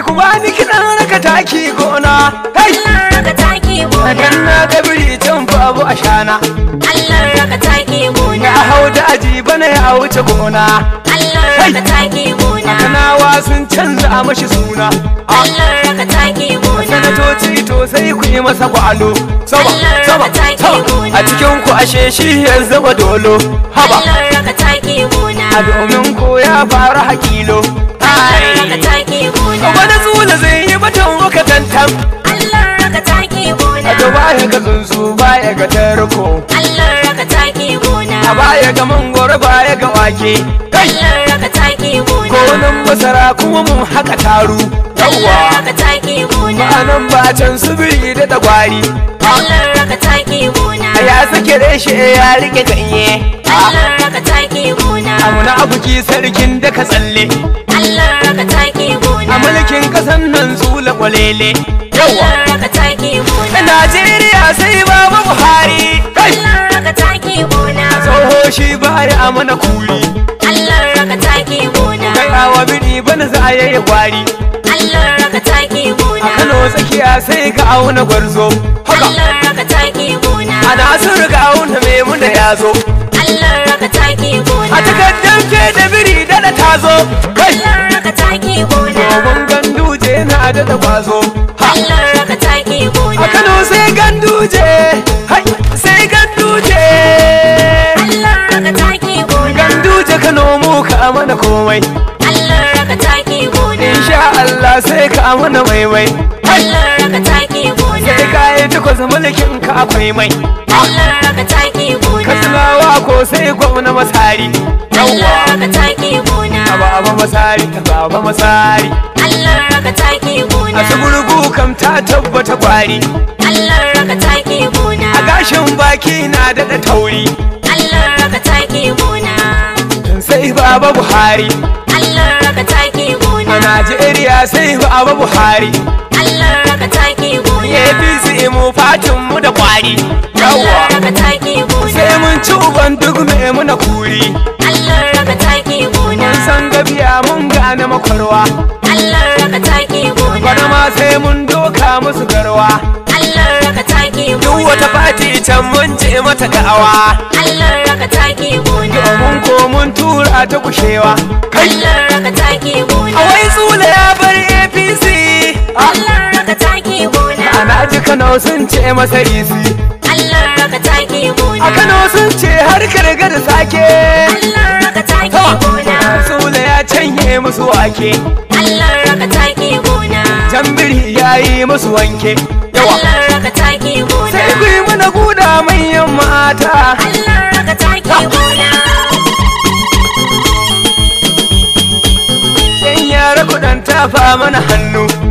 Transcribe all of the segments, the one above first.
kai ku bani kiɗan raka taki gona Hey! raka taki gona dan na ga biritin babu a shana Allah raka taki gona Na hau da aji bana ya wuce gona Allah raka taki gona kanawa sun canza mashi suna ah! Allah raka taki gona sanatoci to sai ku yi masa gwalo saba saba a cikin ku ashe shi ya zama dolo haba Allah raka taki gona domin ko ya faru hakilo wani zula zai yi matan waka tantan a to baya ga tsuntsu baya ga tarko a baya ga mangoro baya ga wake wannan masara kuma mun haka taru yawwa raka taki muna nan ba can su bi da dagwari Allah raka taki muna ya sake reshe eh, ya rike ganye Allah raka taki na amuna abuki sarkin da ka tsalle Allah raka taki muna a mulkin kasan nan zula kwalele yawwa raka taki Na Najeriya sai babu Buhari Allah raka taki muna tsoho shi bare amana kuri Allah raka taki muna wa biri bana za a yayi kwari Allah raka take gona a Kano tsakiya sai ka auna gwarzo haka Allah raka take gona ana sun raka auna mai muna yazo Allah raka take gona a takaddan ke da biri da da tazo Allah raka take gona gandu je na da kwazo Allah raka take gona a Kano sai ganduje hai sai ganduje Allah raka take gona ganduje Kano mu ka mana komai Ka sai ka amana mai Allah raka taki gona sai ka yi tukwas mulkin ka akwai mai Allah raka taki gona ka tulawa ko sai gwamna masari Allah raka taki gona ka baba masari ka baba masari Allah raka taki gona a tsugurugu kam ta tabbata kwari Allah raka taki gona a gashin baki na daɗa tauri Allah raka taki gona sai baba Buhari Allah raka taki Najeriya sai hu abu Buhari Allah raka taki goya APC mu fatin mu da kwari yawa raka taki goya sai mun ci uban duk me mu na kuri Allah raka taki goya mun san gabiya mun gane makwarwa Allah raka taki goya bana ma sai mun doka musu garwa Allah raka taki goya duk wata fati can mun je mata da'awa Allah raka taki goya mun ko mun tura ta kushewa Allah raka taki Kano sun ce masa isi Allah raka take muna A Kano sun ce har karga sake Allah raka take muna Sule ya canye musu wake Allah raka take muna Jambiri yayi musu wanke Yawa Allah raka take muna Sai ku yi mana guda manyan mata Allah raka take muna Yan yara kudan tafa mana hannu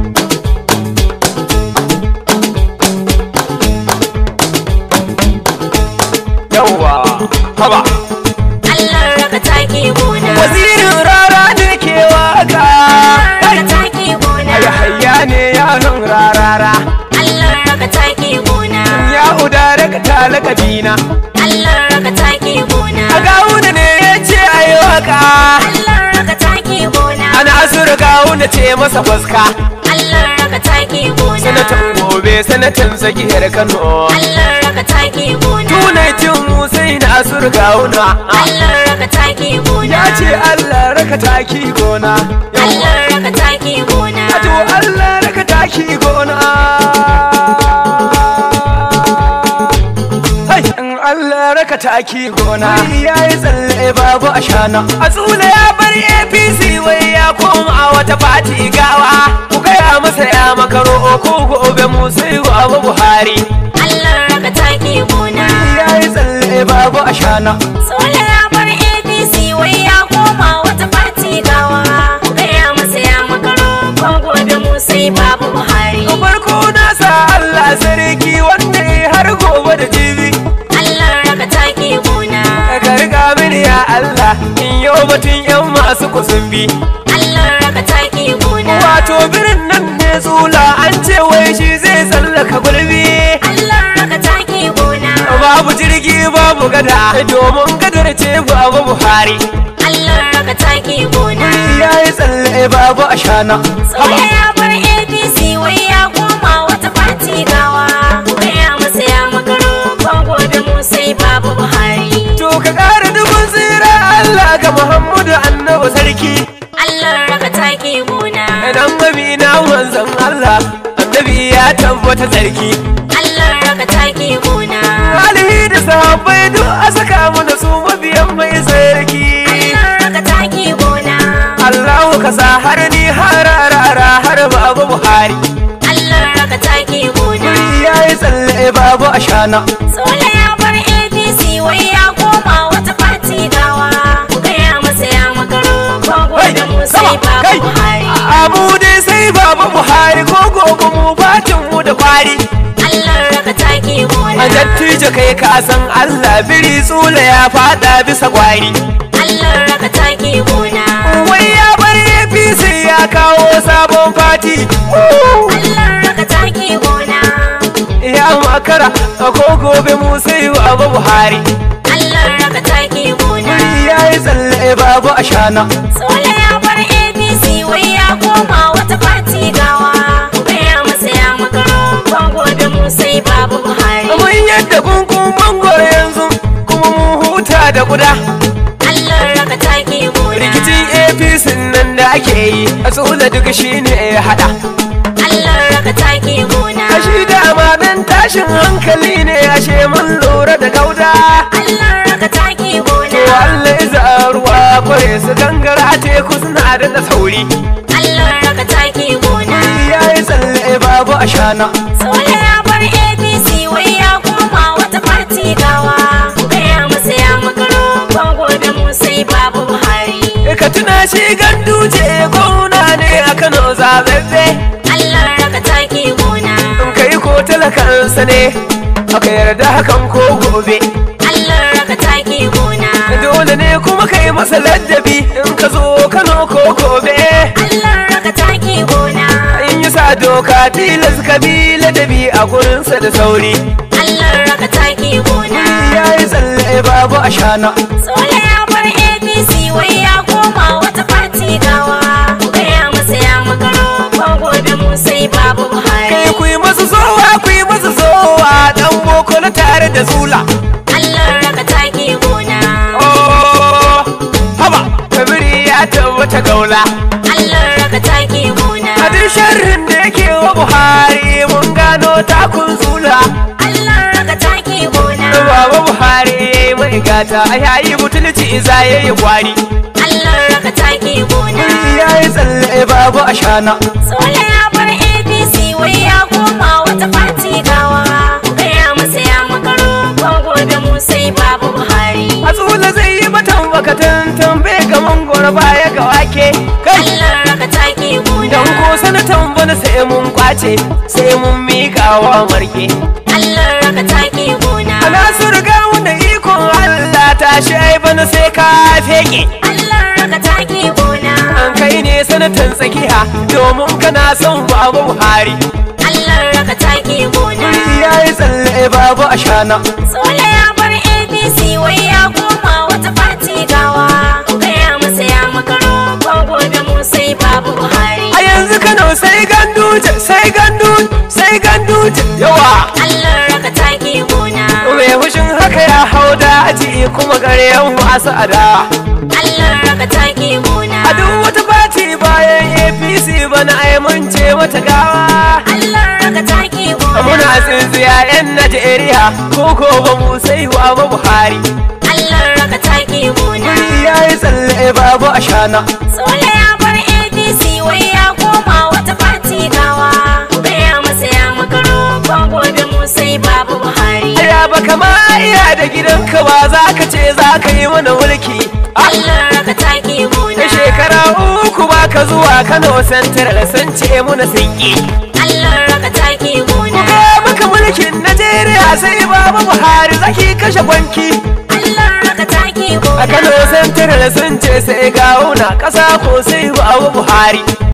ba. Allah raka take gona wazirin rara ne ke waka raka take gona ya hayya ne yaron rarara Allah raka take gona ya uda raka talaka dina Allah raka take gona a gawuna ne ya ce yi waka Allah raka take gona ana asuru wanda ce masa fuska Allah raka taki gona sanatan gobe sanatan tsakiyar Kano Allah raka taki gona tunaitin Musaini Asur Gawuna Allah raka taki gona ya ce Allah raka taki gona Allah raka taki gona to Allah raka taki gona Allah raka taki gona ya yi tsalle babu ashana a tsula ya bar apc wai ya koma wata fati gawa saya makaro oku gobe musiru abu buhari allah raka taki gona ya yi tsalle babu ashana sola ya bar A.B.C wai ya koma wata party gawa gaya saya ya makaro kon gobe musai babu buhari farko sa allah sarki wanda har gobe da jibi allah raka taki gona ka riga ya allah in yau batun yan masu kusumbi allah mai shi zai tsallaka gulbi Allah raka taki gona babu jirgi babu gada domin gadar ce babu buhari Allah raka taki gona ya yi tsalle babu ashana tsoye ya bar apc wai ya koma wata fati gawa ya masa ya makaro bango da musai babu buhari to ka kara dubun tsira Allah ga Muhammadu Annabu sarki wata tsarki Allah raka taki gona alihi da sahabbai duk a saka mana su mabiyan mai tsarki Allah raka taki gona Allahu ka sa har ni har rara har babu Buhari Allah raka taki gona ya yi tsalle babu ashana Sule ya bar APC wai ya koma wata fati gawa kuka ya masa ya makaro ko da mu sai babu Buhari abu dai sai babu Buhari ko gobe mu wari a dattijo kai ka san Allah biri tsula ya fada bisa kwari wai ya bar APC ya kawo sabon fati ya makara a gobe musa yi wa abu buhari ya yi tsalle babu ashana tsula ya bar a.b.c wai ya koma wata fati gawa sai babu buhari mun yadda kunkun mangoro yanzu kuma mun huta da guda Allon raka take gona rikicin apc nan da ake yi a tsohula duka shine ya hada Allon raka take gona a shi dama dan tashin hankali ne ashe mun lura da gauda Allon raka take gona to allah iza ruwa kware su gangara teku suna da sauri Allon raka take gona ya yi tsalle babu ashana shi ganduje gona ne a Kano zababbe Allah raka taki gona kai ko talakansa ne aka yarda hakan ko gobe Allah raka taki gona dole ne kuma kai masa ladabi in ka zo Kano ko gobe Allah raka taki gona in yi sa doka tilas kabila dabi a gurinsa da sauri Allah raka taki gona yi tsalle babu ashana Sole ya bar APC wai kai ku yi masu zowa ku yi masu zowa dan boko na tare da zula Allah raka taki gona oh haba kabiri ya tabbata gaula Allah raka taki gona a duk sharrin da yake wa Buhari mun gano takun zula Allah raka taki gona baba Buhari mai gata yayi butulci za yayi kwari Allah raka taki gona yayi tsalle babu ashana Sule ya bar wai ya koma wata fati gawa gaya masa ya makaro bango da mu sai babu buhari azula zai yi batan bakatan tambe ga mangoro baya ga wake kai Allah raka take gona dan ko sanatan bana sai mun kwace sai mun mika wa marke Allah raka take gona ana surga wanda ikon Allah tashi ai bana sai ka feke Allah raka take gona sanatan tsakiya domin kana son babu buhari allah raka taki gona ya yi tsalle eh, babu ashana tsola ya bar abc wai ya koma wata fati gawa Kuka ya masa ya makaro bango da mu sai babu buhari a yanzu kano sai ganduje sai ganduje sai ganduje yawa allah raka taki gona mai fushin haka ya hau daji kuma gare yan masu ada allah raka taki gona wata gawa muna tsintsiya yan najeriya ko ko ba mu sai wa ba buhari allah raka taki muna ya yi tsalle babu ashana tsole ya bar apc wai ya koma wata fati gawa gaya masa ya makaro ko gobe mu sai babu buhari ya ba kama iya da gidanka ba za ka ce za ka yi mana mulki ah! allah raka taki ka zuwa Kano Central sun ce muna sun yi. Allah raka taki muna. ga maka mulkin Najeriya sai Baba Buhari zaki kashe banki. Allah raka taki muna. A Kano Central sun ce sai gawuna ƙasa ko sai Baba Buhari.